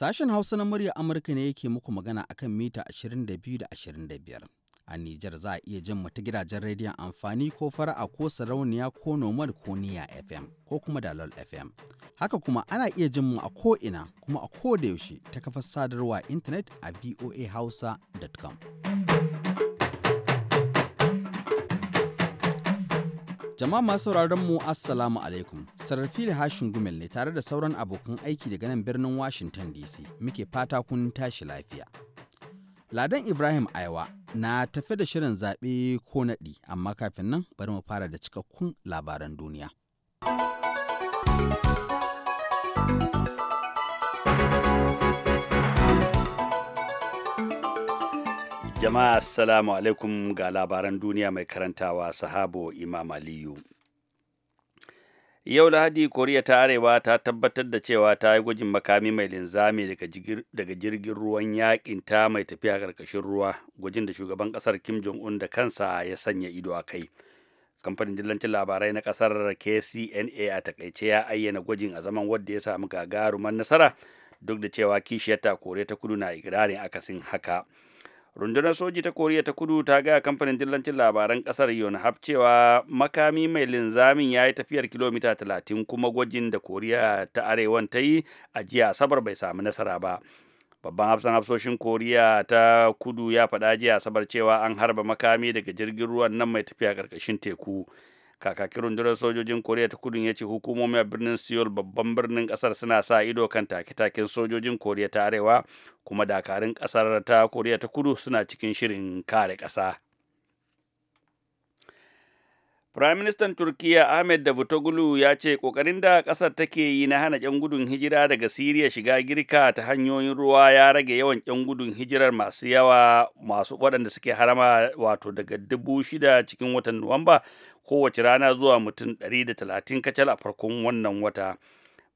Sashen Hausa na murya Amurka ne yake muku magana akan mita 22 da 25. A Nijar za a iya jin mu ta gidajen rediyon amfani ko fara'a ko sarauniya ko nomad ko niya FM ko kuma dalol FM. Haka kuma ana iya jin mu a ko'ina kuma a ko da yaushe ta kafa sadarwa intanet a voahausa.com. Jama'a masu sauraron mu Assalamu alaikum. Sarrafi da hashin gumel ne tare da sauran abokan aiki daga nan birnin Washington DC. Muke fata kun tashi lafiya. Ladan Ibrahim Aiwa na tafi da shirin zaɓe ko naɗi, amma kafin nan bari mu fara da cikakkun labaran duniya. Jama'a assalamu alaikum ga labaran duniya mai karantawa sahabo Imam Aliyu. Yau Lahadi Koriya ta Arewa ta tabbatar da cewa ta yi gwajin makami mai linzami daga jirgin ruwan yakin ta mai tafiya karkashin ruwa gwajin da shugaban kasar Kim Jong-un da kansa ya sanya ido a kai. Kamfanin dillancin labarai na kasar KCNA a takaice ya ayyana gwajin a zaman wadda ya samu gagarumar nasara duk da cewa kishiyarta kore ta Kudu na ikirarin akasin haka. rundunar soji ta koriya ta kudu ta gaya kamfanin dillancin labaran kasar yonhap cewa makami mai linzamin ya yi tafiyar kilomita 30 kuma gwajin da koriya ta arewan ta yi a jiya asabar bai samu nasara ba babban hafsan hafsoshin koriya ta kudu ya faɗa jiya asabar cewa an harba makami daga jirgin ruwan nan mai tafiya ƙarƙashin teku kakakin rundunar sojojin koriya ta kudu ya ce hukumomi a birnin seoul babban birnin kasar suna sa ido kan take-taken sojojin koriya ta arewa kuma dakarun kasar ta koriya ta kudu suna cikin shirin kare kasa Firaministan Turkiyya Ahmed Davutoglu ya ce ƙoƙarin da ƙasar take yi na hana 'yan gudun hijira daga Siriya shiga Girka ta hanyoyin ruwa ya rage yawan 'yan gudun hijirar masu yawa masu waɗanda suke harama wato daga dubu shida cikin watan Nuwamba kowace rana zuwa mutum 130 kacal a farkon wannan wata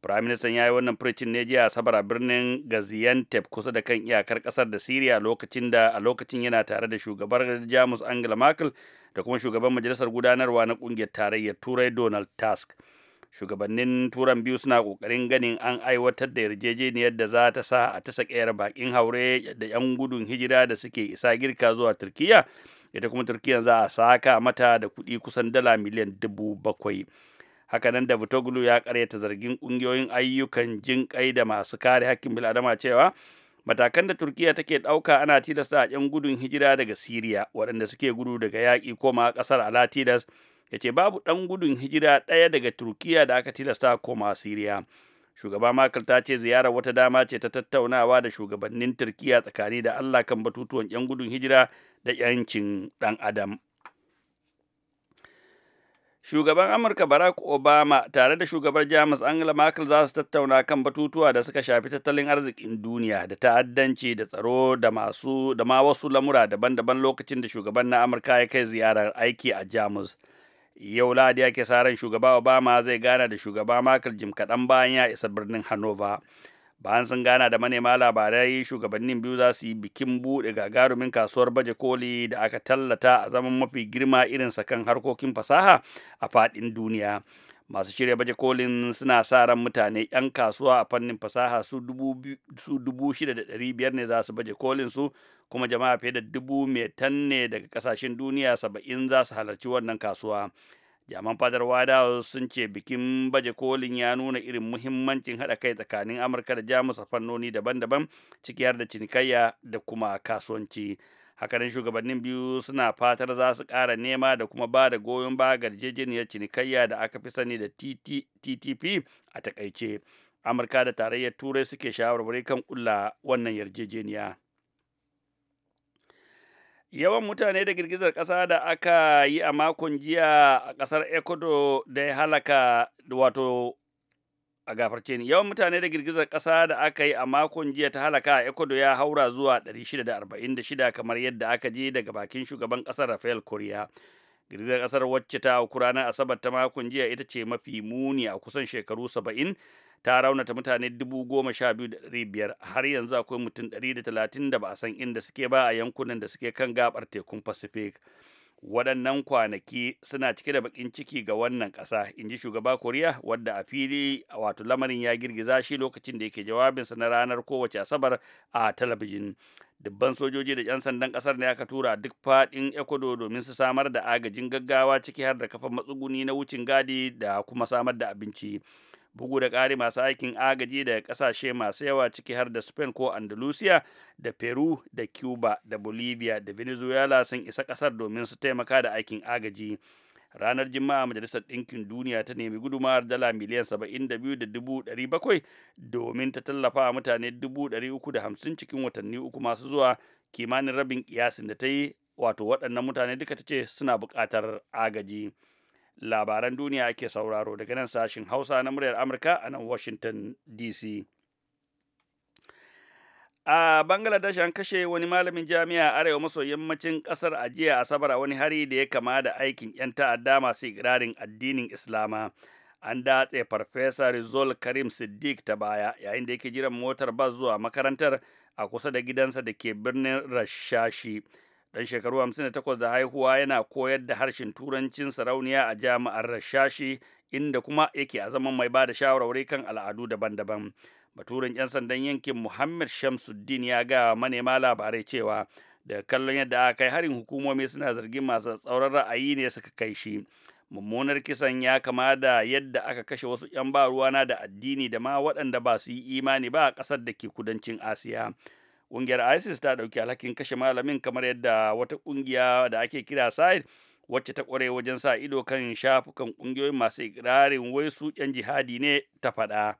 firaministan ya yi wannan furicin ne jiya asabar a birnin gaziantep kusa da kan iyakar kasar da siriya lokacin da a lokacin yana tare da shugabar jamus angela merkel da kuma shugaban majalisar gudanarwa na kungiyar tarayyar turai donald tusk shugabannin turan biyu suna kokarin ganin an aiwatar da yarjejeniyar da za ta sa a tasa kayar bakin haure da 'yan gudun hijira da suke isa girka zuwa turkiyya. ita kuma turkiya za a saka mata da kuɗi kusan dala miliyan dubu bakwai hakanan da vitoglu ya karyata zargin ƙungiyoyin ayyukan jinƙai da masu kare hakkin bil'adama cewa matakan da turkiya take ɗauka ana tilasta a 'yan gudun hijira daga siriya waɗanda suke gudu daga yaƙi koma ƙasar ala tilas ya ce babu ɗan gudun hijira ɗaya daga turkiya da aka tilasta koma siriya shugaba makar ta ce ziyarar wata dama ce ta tattaunawa da shugabannin turkiya tsakani da allah kan batutuwan 'yan gudun hijira da 'yancin ɗan adam shugaban amurka barack obama tare da shugabar jamus angela merkel za su tattauna kan batutuwa da suka shafi tattalin arzikin duniya da ta'addanci da tsaro da masu da ma wasu lamura daban-daban lokacin da shugaban na amurka ya kai ziyarar aiki a jamus yau ladi ya ke sa ran shugaba obama zai gana da shugaba merkel jim kaɗan bayan ya isa birnin hannover bayan sun gana da manema labarai shugabannin biyu za su yi bikin buɗe gagarumin kasuwar baje koli da aka tallata a zaman mafi girma irinsa kan harkokin fasaha a faɗin duniya masu shirya baje kolin suna sa ran mutane 'yan kasuwa a fannin fasaha su dubu ne za su baje kolin su kuma jama'a fiye da dubu mai ne daga kasashen duniya saba'in za su halarci wannan kasuwa jaman fadar wada sun ce bikin baje kolin ya nuna irin muhimmancin haɗa kai tsakanin amurka da jamus a fannoni daban-daban ciki har da cinikayya da kuma kasuwanci hakanan shugabannin biyu suna fatar za su ƙara nema da kuma ba da goyon baya ga yarjejeniyar cinikayya da aka fi sani da ttp a takaice amurka da tarayyar turai suke shawarwari kan ƙulla wannan yarjejeniya Yawan mutane da girgizar ƙasa da aka yi a makon jiya a ƙasar Ecuador da ya halaka wato a gafarce ni yawan mutane da girgizar ƙasa da aka yi a makon jiya ta halaka a Ecuador ya haura zuwa 646 kamar yadda aka ji daga bakin shugaban ƙasar Rafael Correa. Girgizar ƙasar wacce ta auku ranar Asabar ta makon jiya ita ce mafi muni a kusan shekaru 70 ta raunata mutane dubu goma sha biyu da har yanzu akwai mutum ɗari da talatin da ba a san inda suke ba a yankunan da suke kan gabar tekun pacific waɗannan kwanaki suna cike da bakin ciki ga wannan ƙasa in ji shugaba koriya wadda a fili wato lamarin ya girgiza shi lokacin da yake jawabinsa na ranar kowace asabar a talabijin dubban sojoji da 'yan sandan ƙasar ne aka tura duk faɗin ecuador domin su samar da agajin gaggawa ciki har da kafa matsuguni na wucin gadi da kuma samar da abinci bugu da ƙari masu aikin agaji daga ƙasashe masu yawa ciki har da spain ko andalusia da peru da cuba da bolivia da venezuela sun isa ƙasar domin su taimaka da aikin agaji ranar jima'a majalisar ɗinkin duniya ta nemi gudumar dala miliyan 72,700 domin ta tallafa mutane 350 cikin watanni uku masu zuwa kimanin rabin kiyasin da ta yi wato waɗannan mutane duka ta ce suna buƙatar agaji. labaran duniya ake sauraro daga nan sashin hausa na muryar amurka a nan washington dc a bangladesh an kashe wani malamin jami'a arewa maso yammacin kasar a jiya asabar a wani hari da ya kama da aikin 'yan ta'adda masu igirarin addinin islama an datse farfesa rizol karim siddiq ta baya yayin da yake jiran motar bas zuwa makarantar a kusa da gidansa da ke birnin rashashi dan shekaru 58 da haihuwa yana koyar da harshen turancin sarauniya a jami'ar rashashi inda kuma yake a zaman mai ba da shawarwari kan al'adu daban-daban baturin 'yan sandan yankin muhammad shamsuddin ya ga manema labarai cewa da kallon yadda aka kai harin hukumomi suna zargin masu tsauran ra'ayi ne suka kai shi mummunar kisan ya kama da yadda aka kashe wasu 'yan ba ruwana da addini da ma waɗanda ba su yi imani ba a ƙasar da ke kudancin asiya ƙungiyar isis ta ɗauki alhakin kashe malamin kamar yadda wata ƙungiya da ake kira side wacce ta ƙware wajen sa ido kan shafukan ƙungiyoyin masu ikirarin wai su ƴan jihadi ne ta faɗa.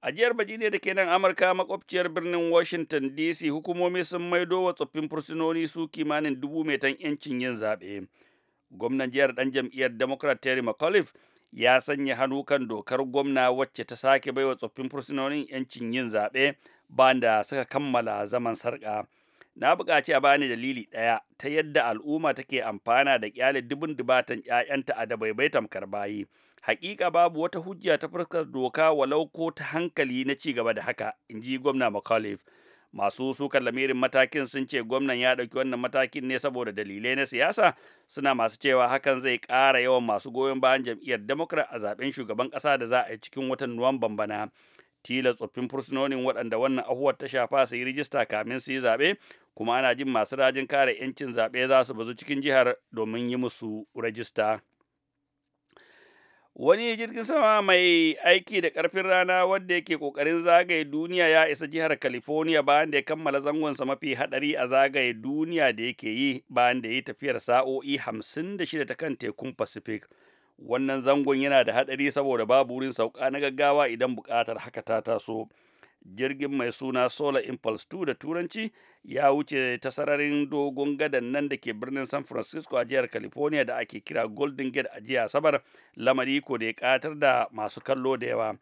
A jihar ne da ke nan Amurka makwabciyar birnin Washington DC hukumomi sun maido wa tsoffin fursunoni su kimanin dubu metan 'yancin yin zaɓe. Gwamnan jihar ɗan jam'iyyar Democrat Terry McAuliffe ya sanya hannu kan dokar gwamna wacce ta sake baiwa tsoffin fursunonin 'yancin yin zaɓe ba da suka kammala zaman sarƙa. Na buƙaci a bani dalili ɗaya ta yadda al'umma take amfana da ƙyale dubun dubatan 'ya'yanta a dabaibai tamkar bayi. haƙiƙa babu wata hujja ta fuskar doka walau ko ta hankali na ci gaba da haka, in ji gwamna McAuliffe. masu sukar lamirin matakin sun ce gwamnan ya ɗauki wannan matakin ne saboda dalilai na siyasa suna masu cewa hakan zai ƙara yawan masu goyon bayan jam'iyyar democrat a zaben shugaban ƙasa da za a yi cikin watan nuwamban bana tilas tsoffin fursunonin waɗanda wannan ahuwar ta shafa su yi rijista kamin su yi zaɓe kuma ana jin masu rajin kare 'yancin zaɓe za su bazu cikin jihar domin yi musu rajista. Wani jirgin sama mai aiki da ƙarfin rana wanda yake ƙoƙarin zagaye duniya ya isa jihar California bayan da ya kammala zangonsa mafi haɗari a zagaye duniya da yake yi bayan da ya yi tafiyar sa'o'i 56 ta kan tekun Pacific. Wannan zangon yana da haɗari saboda babu wurin sauka na gaggawa idan bukatar haka ta taso. jirgin mai suna solar impulse 2 da turanci ya wuce ta sararin dogon gadan nan da ke birnin san francisco a jihar california da ake kira golden gate a jiya asabar lamari ko da ya katar da masu kallo da yawa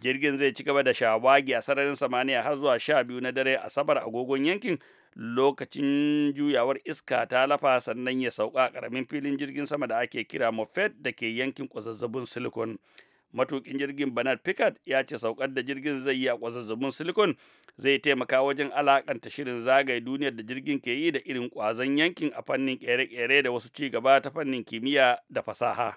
jirgin zai ci gaba da shawagi a sararin samaniya har zuwa sha biyu na dare asabar agogon yankin lokacin juyawar iska ta lafa sannan ya sauka a karamin filin jirgin sama da ake kira moffett da ke yankin kwazazzabun silicon. silicon matukin jirgin bernard pickard ya ce saukar da jirgin zai yi a kwazazzabin silicon zai taimaka wajen alakanta shirin zagaye duniyar da jirgin ke yi da irin kwazon yankin a fannin kere-kere da wasu ci gaba ta fannin kimiyya da fasaha.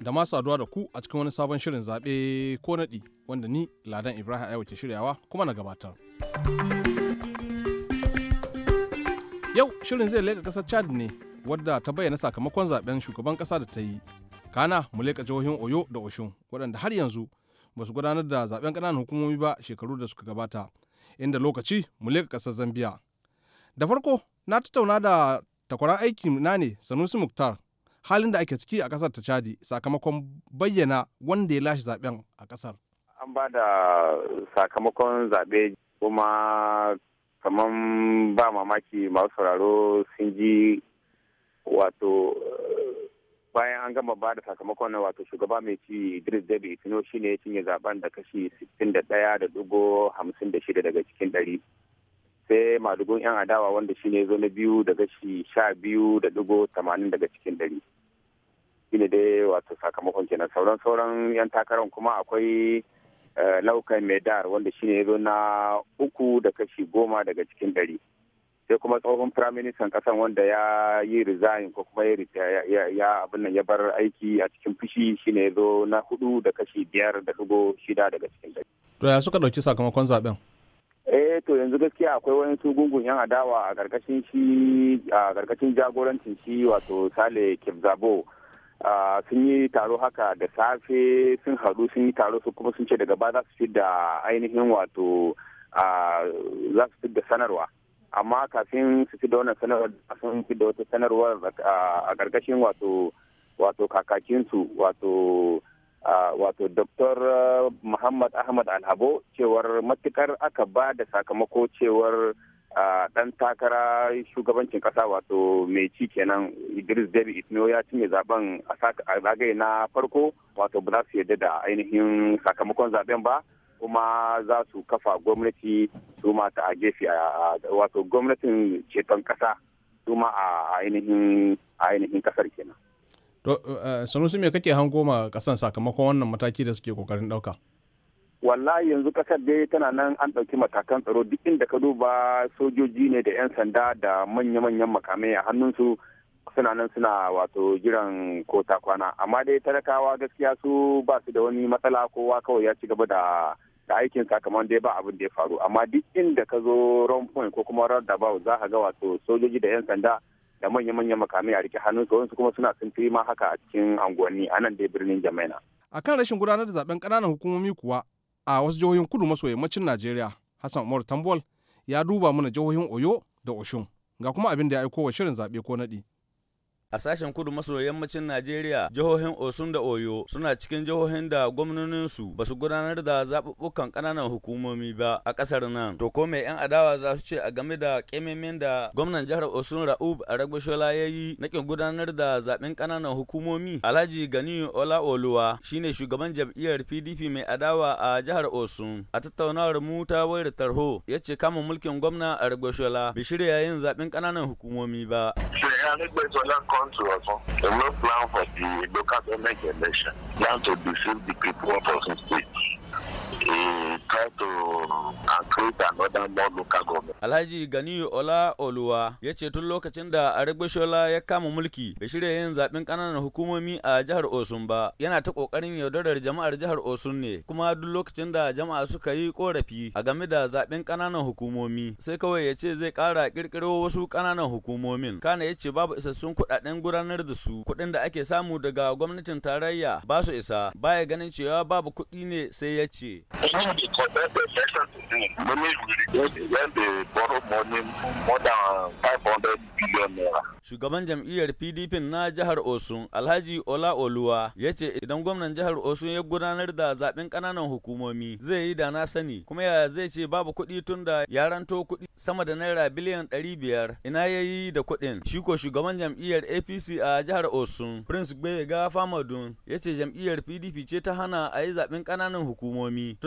da masu saduwa da ku a cikin wani sabon shirin zaɓe ko naɗi wanda ni Ladan Ibrahim Aiwa ke shiryawa kuma na gabatar. Yau shirin zai leka ƙasar Chad ne wadda ta bayyana sakamakon zaɓen shugaban ƙasa da ta yi. Kana mu leƙa jihohin Oyo da Oshun waɗanda har yanzu ba su gudanar da zaɓen ƙananan hukumomi ba shekaru da suka gabata. Inda lokaci mu leka ƙasar Zambiya. Da farko na tattauna da takwaran aiki na ne Sanusi Muktar halin da ake ciki a kasar ta chadi sakamakon bayyana wanda ya lashe zaben a kasar an ba da sakamakon zaɓe kuma kamar ba mamaki masu sauraro sun ji wato bayan an gama ba da sakamakon na wato shugaba mai ci Idris Deby tuno shine ya cinye zaben da kashi 61.56 daga cikin 100 sai madugun 'yan adawa wanda shi ne na biyu da gashi sha biyu da digo tamanin daga cikin dari shi ne dai wato sakamakon kenan sauran sauran 'yan takarar kuma akwai eh, laukan medar wanda shi ne zo na uku da kashi goma daga cikin dari sai kuma tsohon firaministan kasan wanda ya yi resign ko kuma ya abin nan ya bar aiki a cikin fushi shine ya zo na hudu da kashi biyar da dugo shida daga cikin dari. to ya suka ɗauki sakamakon zaben eh to yanzu gaskiya akwai wani su gungun yan adawa a karkashin shi a karkashin jagorancin shi wato sale kibzabo sun yi taro haka da safe sun haɗu sun yi taro su kuma sun ce daga ba za su fi da ainihin wato za su fi da sanarwa amma kafin su fi da wannan sanarwar sun fi da wata sanarwar a karkashin wato wato kakakinsu wato wato Dr. Muhammad Ahmad Alhabo cewar matukar aka ba da sakamako cewar dan takara shugabancin kasa wato mai ci kenan Idris Deby Itno ya ci mai zaben a zagaye na farko wato ba za su yarda da ainihin sakamakon zaben ba kuma za su kafa gwamnati su mata a gefe wato gwamnatin ceton kasa su ma a ainihin kasar kenan. Eh, sanusi me kake hango ma kasan sakamakon wannan mataki da suke kokarin dauka wallahi yanzu kasar dai tana nan an ɗauki matakan tsaro duk inda ka duba sojoji ne da 'yan sanda da manya-manyan makamai a hannunsu suna nan suna wato jiran kota kwana amma dai talakawa gaskiya su ba su da wani matsala kowa kawai ya ci gaba da da aikin sakamakon dai ba abin da ya faru amma duk inda ka zo round ko kuma round za ka ga wato sojoji da 'yan sanda da manya-manyan makamai a rike hannunsu wasu kuma suna sintiri ma haka a cikin anguwanni a nan dai birnin jamaina. a kan rashin gudanar da zaben kananan hukumomi kuwa a wasu jihohin kudu maso yammacin najeriya hassan umar tambol ya duba mana jihohin oyo da oshun ga kuma abin da ya aiko wa shirin zaɓe ko naɗi. A sashen kudu maso yammacin Najeriya, jihohin Osun da Oyo suna cikin jihohin da gwamnoninsu ba su gudanar da zaɓuɓɓukan ƙananan hukumomi ba a ƙasar nan. To ko mai 'yan adawa za su ce a game da ƙemimin da gwamnan jihar Osun Ra'ub a Ragbashola ya yi nakin gudanar da zaɓen ƙananan hukumomi? Alhaji Gani Ola Oluwa shine shugaban jam'iyyar PDP mai adawa a jihar Osun. A tattaunawar mu ta wayar tarho ya ce kama mulkin gwamna a Ragbashola bai shirya yin zaɓen ƙananan hukumomi ba. Anigbesola come to Osun, they no plan for the local government election, plan to deceive the people of our State. Alhaji Gani Ola Oluwa ya ce tun lokacin da Arigbesola ya kama mulki bai shirya yin zaben ƙananan hukumomi a jihar Osun ba yana ta ƙoƙarin yaudarar jama'ar jihar Osun ne kuma duk lokacin da jama'a suka yi korafi a game da zaɓen ƙananan hukumomi sai kawai ya ce zai ƙara ƙirƙiro wasu ƙananan hukumomin kana ya ce babu isassun kuɗaɗen gudanar da su kuɗin da ake samu daga gwamnatin tarayya ba su isa baya ganin cewa babu kuɗi ne sai ya ce the will conduct the election today. Many will regret when they borrow money more than 500 billion naira. Shugaban jam'iyyar PDP na jihar Osun, Alhaji Ola Oluwa, ya ce idan gwamnan jihar Osun ya gudanar da zaben ƙananan hukumomi zai yi da na sani, kuma ya zai ce babu kuɗi tun da ya kuɗi sama da naira biliyan ɗari biyar ina ya yi da kuɗin. Shi ko shugaban jam'iyyar APC a jihar Osun, Prince Gbega Famadun, ya ce jam'iyyar PDP ce ta hana a yi zaben ƙananan hukumomi.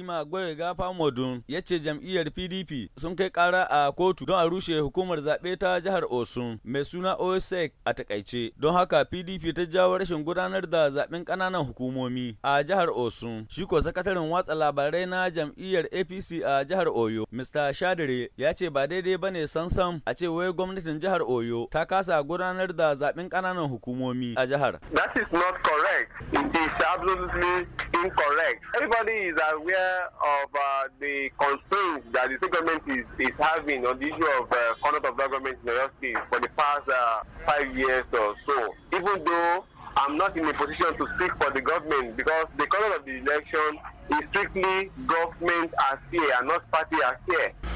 ima Goye Gafa Modun ya ce jam'iyyar PDP sun kai kara a kotu don a rushe hukumar zaɓe ta jihar Osun mai suna OSEC a takaice. Don haka PDP ta jawo rashin gudanar da zaɓen ƙananan hukumomi a jihar Osun. Shi ko sakataren watsa labarai na jam'iyyar APC a jihar Oyo, Mr. Shadire ya ce ba daidai ba ne sansan a ce wai gwamnatin jihar Oyo ta kasa gudanar da zaɓen ƙananan hukumomi a jihar. That is not correct. It is absolutely incorrect. Everybody is aware aware of uh, the constraints that the state government is, is having on the issue of uh, conduct of government in Oyo State for the past uh, five years or so. Even though I'm not in a position to speak for the government because the conduct of the election is strictly government and not party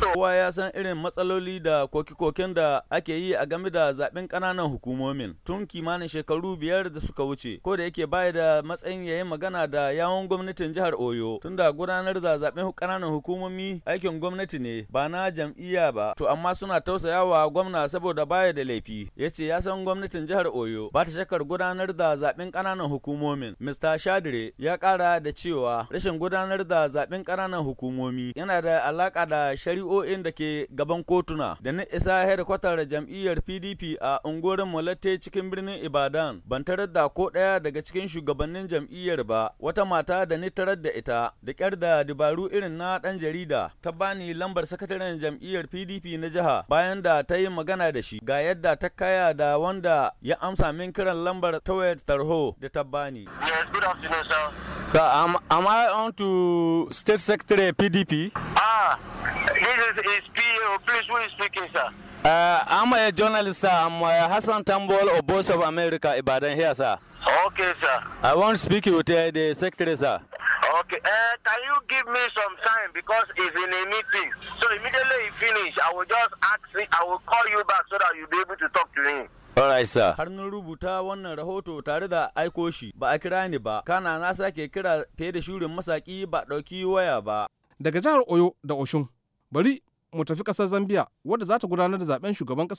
Kowa ya san irin matsaloli da koke-koken da ake yi a game da zaɓen ƙananan hukumomin tun kimanin shekaru biyar da suka wuce ko da yake baya da matsayin ya yi magana da yawon gwamnatin jihar Oyo tun da gudanar da zaɓen ƙananan hukumomi aikin gwamnati ne ba na jam'iyya ba to amma suna tausayawa gwamna saboda baya da laifi ya ce ya san gwamnatin jihar Oyo ba ta shakar gudanar da zaɓen ƙananan hukumomin Mr. Shadire ya ƙara da cewa rashin gudanar da zaben ƙananan hukumomi yana da alaƙa da shari'o'in da ke gaban kotuna da na isa hedkwatar jam'iyyar pdp a unguwarin mulatte cikin birnin ibadan ban tarar da ko ɗaya daga cikin shugabannin jam'iyyar ba wata mata da ni tarar da ita da ƙyar da dabaru irin na ɗan jarida ta bani lambar sakataren jam'iyyar pdp na jiha bayan da ta yi magana da shi ga yadda ta kaya da wanda ya amsa min kiran lambar tawayar tarho da ta bani. Yes, good afternoon, sir. So am, am I on to State Secretary PDP? Ah, this is, is PO. Please, who is speaking, sir? Uh, I'm a journalist, sir. I'm uh, Hassan Tambol of Voice of America, Ibadan here, sir. Okay, sir. I want to speak with uh, the secretary, sir. Okay, uh, can you give me some time because it's in a meeting. So immediately you finish, I will just ask I will call you back so that you'll be able to talk to him. Alright sir. Har na rubuta wannan rahoto tare da aiko shi ba a kira ni ba kana na sake kira fiye da shurin masaki ba ɗauki waya ba. Daga jihar Oyo da Oshun bari mu tafi ƙasar zambia wadda za ta gudanar da zaben shugaban ta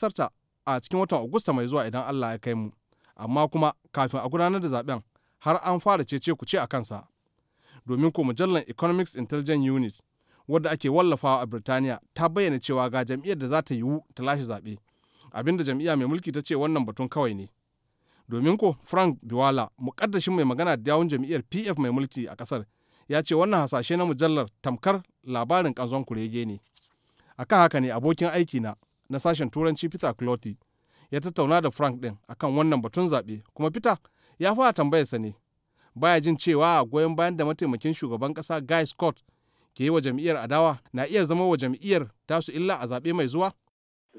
a cikin watan Agusta mai zuwa idan Allah ya kai mu. Amma kuma kafin a gudanar da zaben har an fara cece ku ce a kansa. Domin ko mujallar Economics Intelligence Unit wadda ake wallafawa a Birtaniya ta bayyana cewa ga jam'iyyar da za ta yiwu ta lashe zaɓe. abinda jam'iyya mai mulki ta ce wannan batun kawai ne domin ko frank biwala mukaddashin mai magana da yawun jam'iyyar pf mai mulki a kasar ya ce wannan hasashe na mujallar tamkar labarin kanzon kurege ne akan haka ne abokin aiki na na sashen turanci peter clotty ya tattauna da frank din akan wannan batun zaɓe kuma peter ya fara tambayar sa ne baya jin cewa goyon bayan da mataimakin shugaban ƙasa guy scott ke yi wa jam'iyyar adawa na iya zama wa jam'iyyar tasu illa a zaɓe mai zuwa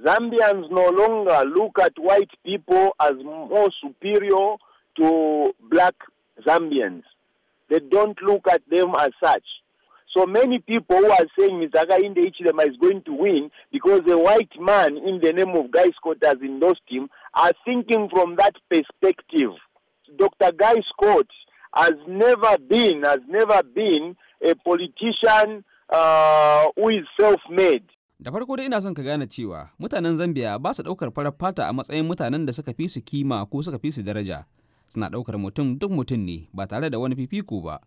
Zambians no longer look at white people as more superior to black Zambians. They don't look at them as such. So many people who are saying Mr. Gainde Ichilema is going to win because a white man in the name of Guy Scott has endorsed him are thinking from that perspective. Dr. Guy Scott has never been, has never been a politician uh, who is self-made. da farko dai ina son ka gane cewa mutanen zambia ba su ɗaukar farar fata a matsayin mutanen da suka fi su kima ko suka fi su daraja suna ɗaukar mutum duk mutum ne ba tare da wani fifiko ba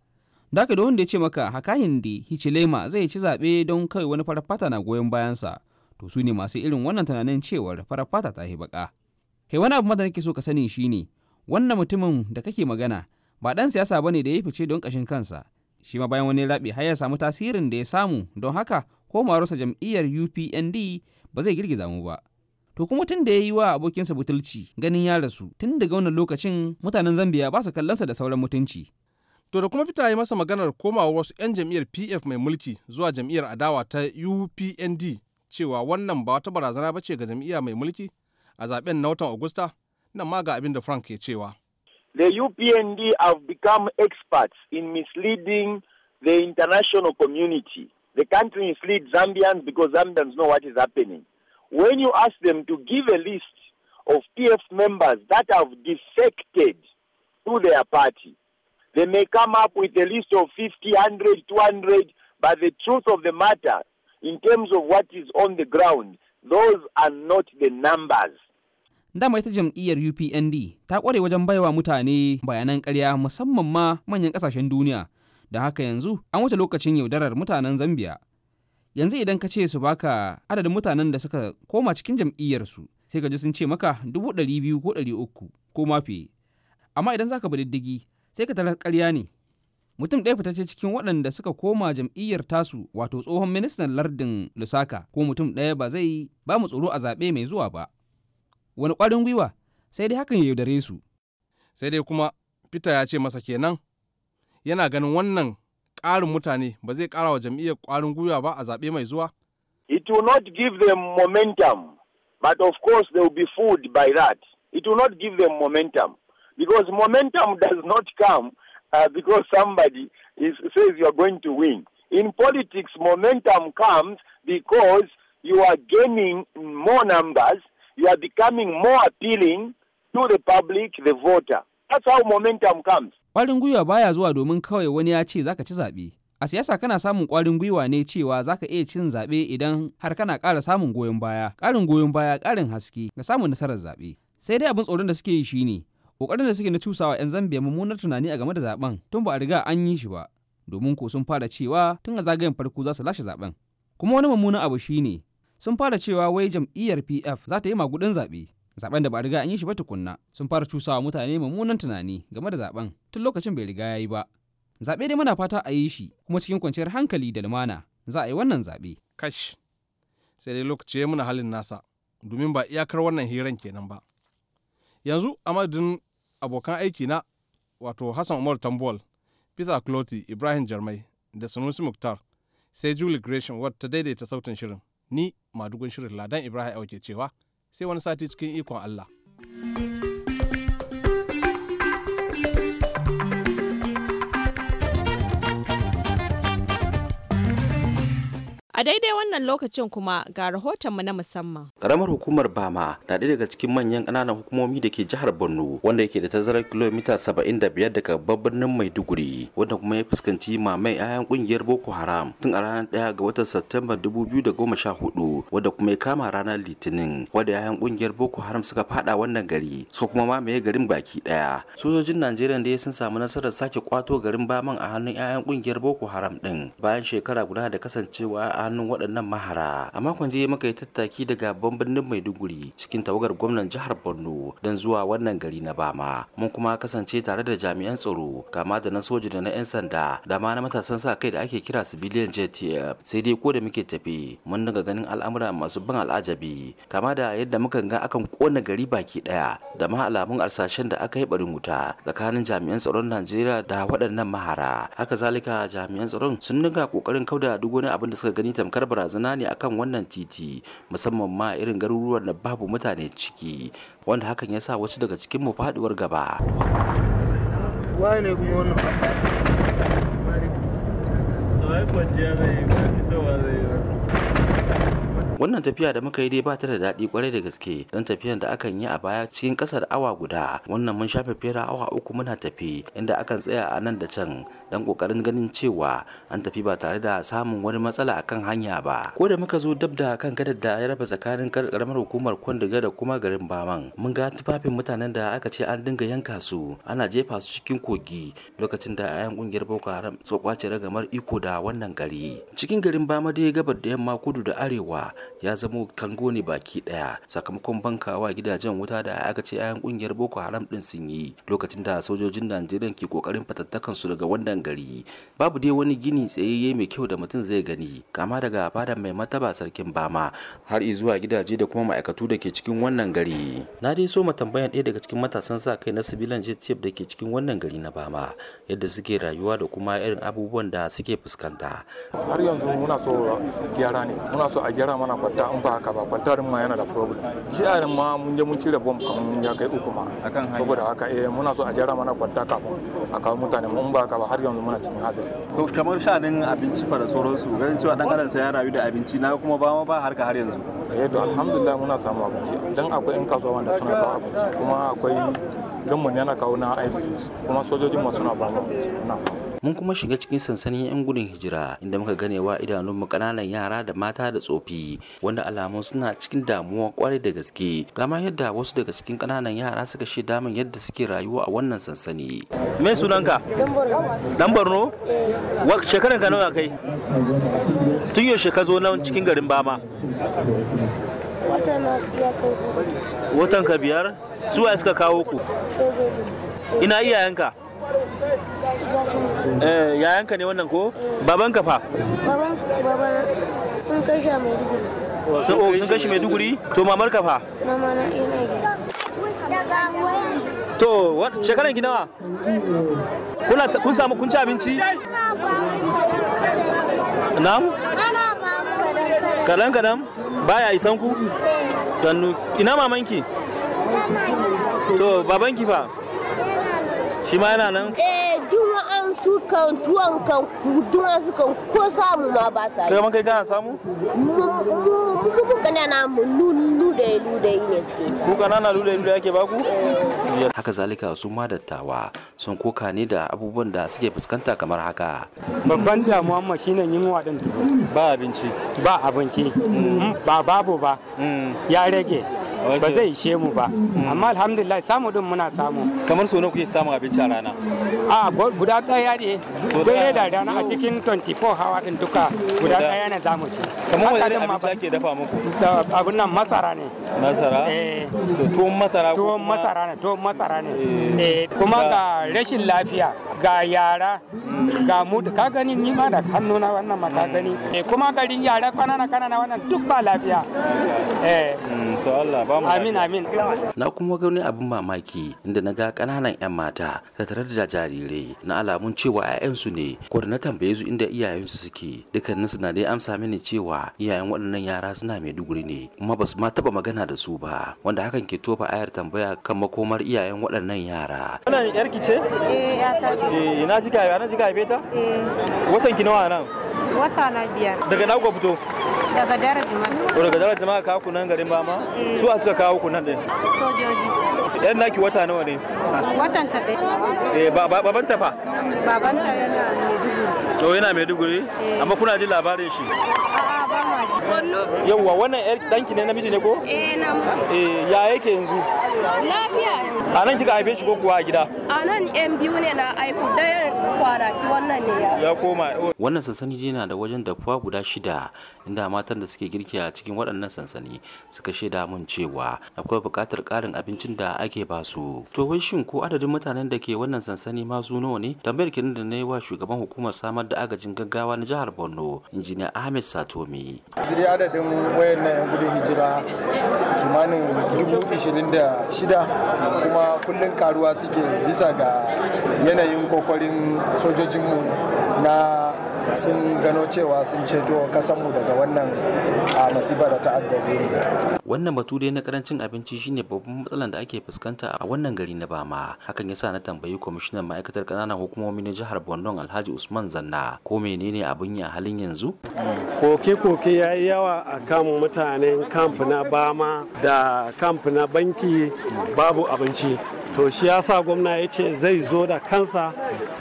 da da wanda ya ce maka haka hindi hichilema zai ci zaɓe don kai wani farar fata na goyon bayansa to su ne masu irin wannan tunanin cewar farar fata ta yi baka kai wani abu da nake so ka sani ne. wannan mutumin da kake magana ba dan siyasa bane da ya fice don kashin kansa shi ma bayan wani rabi har ya samu tasirin da ya samu don haka rasa jam'iyyar UPND ba zai girgiza mu ba. To kuma tun da ya yi wa abokinsa butulci ganin ya rasu tun daga wannan lokacin mutanen Zambiya ba su kallonsa da sauran mutunci. To da kuma fita yi masa maganar komawa wasu 'yan jam'iyyar PF mai mulki zuwa jam'iyyar adawa ta UPND cewa wannan ba wata barazana ba ce ga jam'iyya mai mulki a zaben na watan Agusta nan ma ga abin da Frank ke cewa. The UPND have become experts in misleading the international community. The country is mislead Zambians because Zambians know what is happening. When you ask them to give a list of PF members that have defected to their party, they may come up with a list of 50, 100, 200, but the truth of the matter, in terms of what is on the ground, those are not the numbers. dama ita jam'iyyar UPND ta kware wajen baiwa mutane bayanan ƙarya musamman ma manyan ƙasashen duniya da haka yanzu an wuce lokacin yaudarar mutanen zambia yanzu idan ka ce su baka adadin mutanen da suka koma cikin jam'iyyarsu sai ka ji sun ce maka dubu ɗari biyu ko ɗari uku ko ma fiye amma idan zaka bi diddigi sai ka talar ƙarya ne mutum ɗaya fita ce cikin waɗanda suka koma jam'iyyar tasu wato tsohon ministan lardin lusaka ko mutum ɗaya ba zai ba mu tsoro a zaɓe mai zuwa ba wani ƙwarin gwiwa sai dai hakan ya yaudare su sai dai kuma peter ya ce masa kenan yana ganin wannan ƙarin mutane ba zai ƙara wa jam'iyyar ƙwarin gwiwa ba a zaɓe mai zuwa? It will not give them momentum, but of course they will be fooled by that. It will not give them momentum, because momentum does not come uh, because somebody is, says you are going to win. In politics, momentum comes because you are gaining more numbers, you are becoming more appealing to the public, the voter. That's how momentum comes. Ƙwarin gwiwa baya zuwa domin kawai wani ya ce zaka ci zaɓe. A siyasa kana samun ƙwarin gwiwa ne cewa zaka iya cin zaɓe idan har kana ƙara samun goyon baya, ƙarin goyon baya, ƙarin haske ga samun nasarar zaɓe. Sai dai abin tsoron da suke yi shine ƙoƙarin da suke na cusawa 'yan Zambiya mummunar tunani a game da zaɓen tun ba a riga an yi shi ba, domin ko sun fara cewa tun a zagayen farko za su lashe zaɓen. Kuma wani mummunan abu shine sun fara cewa wai jam'iyyar PF za ta yi magudin zaɓe. zaben da ba riga an yi shi ba tukunna sun fara cusawa mutane mummunan tunani game da zaben tun lokacin bai riga ya yi ba zaɓe dai muna fata a yi shi kuma cikin kwanciyar hankali da lumana za a yi wannan zaɓe. kash sai dai lokaci ya muna halin nasa domin ba iyakar wannan hiran kenan ba yanzu a madadin abokan aiki na wato hassan umar tambol peter cloti ibrahim jarmai da sanusi muktar sai julie gresham wadda ta daidaita sautin shirin ni madugun shirin ladan ibrahim auke cewa sai wani sati cikin ikon Allah. A daidai wannan lokacin kuma ga rahoton rahotonmu na musamman. Karamar hukumar Bama na ɗaya daga cikin manyan ƙananan hukumomi da ke jihar Borno wanda yake da tazarar kilomita saba'in da biyar daga babban birnin Maiduguri wanda kuma ya fuskanci mamai ayan ƙungiyar Boko Haram tun a ranar ɗaya ga watan Satumba hudu. wanda kuma ya kama ranar Litinin wanda yayan ƙungiyar Boko Haram suka faɗa wannan gari su kuma mamaye garin baki ɗaya. Sojojin Najeriya da sun samu nasarar sake kwato garin Baman a hannun yayan ƙungiyar Boko Haram ɗin bayan shekara guda da kasancewa a hannun waɗannan mahara a makon jiya muka yi tattaki daga babban birnin maiduguri cikin tawagar gwamnan jihar borno don zuwa wannan gari na bama mun kuma kasance tare da jami'an tsaro kama da na soja da na 'yan sanda da ma na matasan sa kai da ake kira civilian jtf sai dai ko da muke tafi mun daga ganin al'amura masu ban al'ajabi kama da yadda muka ga akan kona gari baki daya da ma alamun arsashen da aka yi barin wuta tsakanin jami'an tsaron najeriya da waɗannan mahara haka zalika jami'an tsaron sun dinga kokarin kauda duk wani abin da suka gani tamkar barazana ne akan wannan titi musamman ma irin garuruwan da babu mutane ciki wanda hakan ya sa wasu daga cikin mu faduwar gaba wannan tafiya da muka yi dai ba ta da daɗi kwarai da gaske don tafiyan da akan yi a baya cikin ƙasar awa guda wannan mun shafe fiye da awa uku muna tafi inda akan tsaya a nan da can don ƙoƙarin ganin cewa an tafi ba tare da samun wani matsala a kan hanya ba ko da muka zo dab da kan gadar da ya raba tsakanin karamar hukumar kwandiga da kuma garin baman mun ga tufafin mutanen da aka ce an dinga yanka su ana jefa su cikin kogi lokacin da 'ya'yan kungiyar boko haram su kwace ragamar iko da wannan gari cikin garin bama dai gabar da yamma kudu da arewa ya zamo kango ne baki daya sakamakon bankawa gidajen wuta da aka ce ayan kungiyar boko haram din sun yi lokacin da sojojin najeriya ke kokarin fatattakan su daga wannan gari babu dai wani gini tsayayye mai kyau da mutum zai gani kama daga fadar mai mataba sarkin bama har zuwa gidaje da kuma ma'aikatu da ke cikin wannan gari na dai so mu tambaya ɗaya daga cikin matasan sa kai na sibilan jetsef da ke cikin wannan gari na bama yadda suke rayuwa da kuma irin abubuwan da suke fuskanta har yanzu muna so gyara ne muna so a gyara mana kwanta in ba haka ba kwantarin ma yana da problem jiya ma mun je mun cire bom mun ya kai uku ma saboda haka eh muna so a jira mana kwanta kafin a kawo mutane mun ba haka ba har yanzu muna cikin hatsari to kamar sha'anin abinci fara da sauransu ganin cewa dan adam sai ya rayu da abinci na kuma ba ma ba har ka har yanzu eh to alhamdulillah muna samu abinci dan akwai in kasuwa wanda suna kawo abinci kuma akwai ganmu yana kawo na IDPs kuma sojojin ma suna ba mu abinci na mun kuma shiga cikin sansanin 'yan gudun hijira inda muka ganewa idanunmu kananan yara da mata da tsofi wanda alamun suna cikin damuwa kwarai da gaske kamar yadda wasu daga cikin ƙananan yara suka shi damin yadda suke rayuwa a wannan sansani me sunanka dan borno shekaran ka nawa kai tun yaushe ka zo nan cikin garin bama watan ka biyar su suka kawo ku ina iyayenka eh yayanka ne wannan ko babanka fa baban baban sun kai shi mai duguri oh, sun kai shi mai duguri to mamarka fa mama na ina ji. daga wayan to shekaran ki nawa kuna kun samu kun ci abinci na'am kadan kadan baya isan ku eh. sannu ina mamanki to babanki fa shi ma yana nan eh duwan su kan tuwon kan duwan su kan ko samu ma ba sa kai kai kana samu mu mu kanana mu lude da ne suke sa ku na lude lude ake baku eh. haka zalika su ma dattawa sun koka ne da abubuwan da suke fuskanta kamar haka babban damuwa muhammad shine yunwa din ba abinci ba abinci mm. Mm. ba babu ba mm. ya rage ba zai ishe mu ba amma alhamdulillah samu din muna samu kamar so kuke samun abinci a rana a guda daya ne ne da rana a cikin 24 hawa din duka guda daya ne zamu ci kamar wani abinci ake dafa muku abin nan masara ne masara eh to masara to masara ne to masara ne eh, eh kuma ga rashin lafiya ga yara ga mu ka gani ni ma da hannuna wannan ma ka gani mm. eh kuma garin yara kanana kanana wannan duk ba lafiya eh mm, to Allah ba amin amin na kuma gani abin mamaki inda na ga kananan yan mata ta tattare da jarirai na alamun cewa su ne ko da na tambaye su inda iyayen su suke dukkaninsu na dai amsa mini cewa iyayen waɗannan yara suna maiduguri ne kuma ba su ma taba magana da su ba wanda hakan ke tofa ayar tambaya kan makomar iyayen waɗannan yara wannan yar ki ce eh ya ta eh ina kika ana kika haife ta eh watan ki nawa nan wata na biyar daga na ku fito daga daraja jama'a daga daraja jama'a ka ku nan garin ba ma eh. su a suka kawo ku nan din sojoji yan naki wata nawa ne watan ta eh baban ta fa baban ta yana Maiduguri to yana Maiduguri eh. amma kuna ji labarin shi yauwa wannan ɗanki danki ne namiji ne ko eh namiji eh ya yake yanzu Lafiya. A nan kika haife shi ko kuwa a gida? A nan yan biyu ne na haifu kwanaki wannan ne ya. koma. Wannan sansani je na da wajen fuwa guda shida inda matan da suke girki a cikin waɗannan sansani suka shaida mun cewa akwai buƙatar ƙarin abincin da ake ba su. To wai shin ko adadin mutanen da ke wannan sansani ma su nawa ne? Tambayar kenan da na yi wa shugaban hukumar samar da agajin gaggawa na jihar Borno, injiniya Ahmed Satomi. Zuri adadin wayannan 'yan gudun hijira kimanin dubu ishirin da shida kuma kullum karuwa suke bisa ga yanayin kokarin sojojinmu na sun gano cewa sun ceto kasanmu daga wannan a masiba da ta addabe mu wannan batu dai na karancin abinci shine babban matsalar da ake fuskanta a wannan gari na bama hakan yasa na tambayi kwamishinan ma'aikatar kananan hukumomi na jihar Borno Alhaji Usman Zanna ko menene abin ya halin yanzu koke koke ya yi yawa a kan mutanen kamfuna bama da kamfuna banki babu abinci to shi ya sa gwamna ya ce zai zo da kansa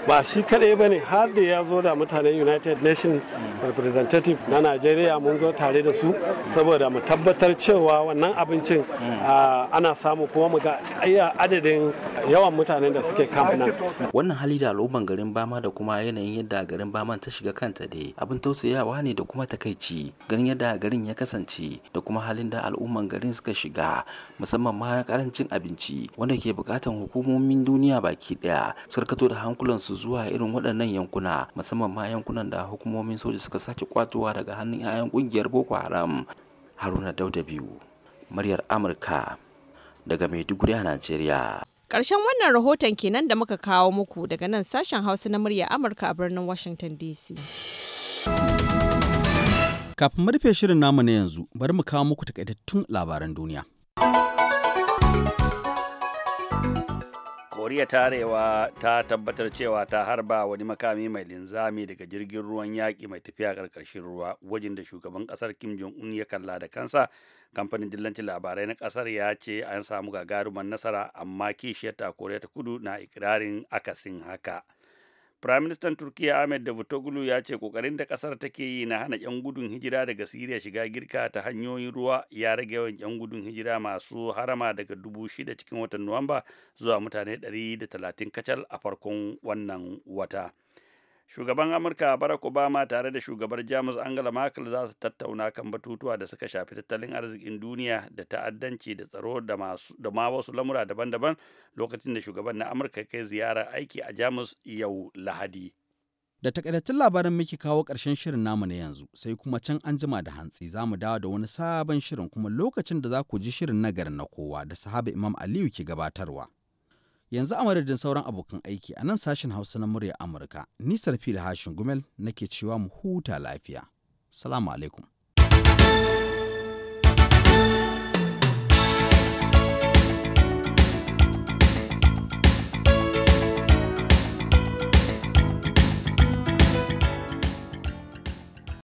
ba shi kaɗai ba ne har da ya zo da mutanen united nation representative na nigeria mun zo tare da su saboda mu tabbatar cewa wannan abincin ana samu kuma mu ga adadin yawan mutanen da suke kamfanin wannan hali da al'umman garin bama da kuma yanayin yadda garin bama ta shiga kanta dai abin tausayawa ne da kuma takaici garin yadda garin ya kasance da kuma halin da al'umman garin suka shiga musamman ma karancin abinci wanda ke bukatar bukatan hukumomin duniya baki daya sarkato da hankulansu zuwa irin waɗannan yankuna musamman ma yankunan da hukumomin soja suka sake kwatowa daga hannun 'ya'yan kungiyar boko haram haruna dauda biyu muryar amurka daga maiduguri a najeriya Ƙarshen wannan rahoton kenan da muka kawo muku daga nan sashen Hausa na murya Amurka a birnin Washington DC. Kafin rufe shirin namu na yanzu, bari mu kawo muku takaitattun labaran duniya. koriya ta arewa ta tabbatar cewa ta harba wani makami mai linzami daga jirgin ruwan yaƙi mai tafiya ƙarƙashin ruwa wajen da shugaban ƙasar kim jong un ya kalla da kansa kamfanin dillancin labarai na ƙasar ya ce an samu gagaruman nasara amma kishiyar ta koriya ta kudu na ikirarin akasin haka Firaministan Turkiyya Ahmed Davutoglu ya ce kokarin da kasar take yi na hana 'yan gudun hijira daga Siriya shiga girka ta hanyoyin ruwa ya rage yawan 'yan gudun hijira masu harama daga dubu shida cikin watan Nuwamba zuwa mutane 130 kacal a farkon wannan wata. shugaban amurka barack obama tare da shugabar jamus angela merkel za su tattauna kan batutuwa da suka shafi tattalin arzikin duniya da ta'addanci da tsaro da ma wasu lamura daban-daban lokacin da shugaban na amurka kai ziyarar aiki a jamus yau lahadi da takaitattun labaran muke kawo karshen shirin namu na yanzu sai kuma can an jima da hantsi za mu dawo da wani sabon shirin kuma lokacin da za ku ji shirin nagarin na kowa da sahaba imam aliyu ke gabatarwa yanzu a madadin sauran abokan aiki a nan sashen hausa na murya amurka nisar fili hashin gumel nake cewa mu huta lafiya salamu alaikum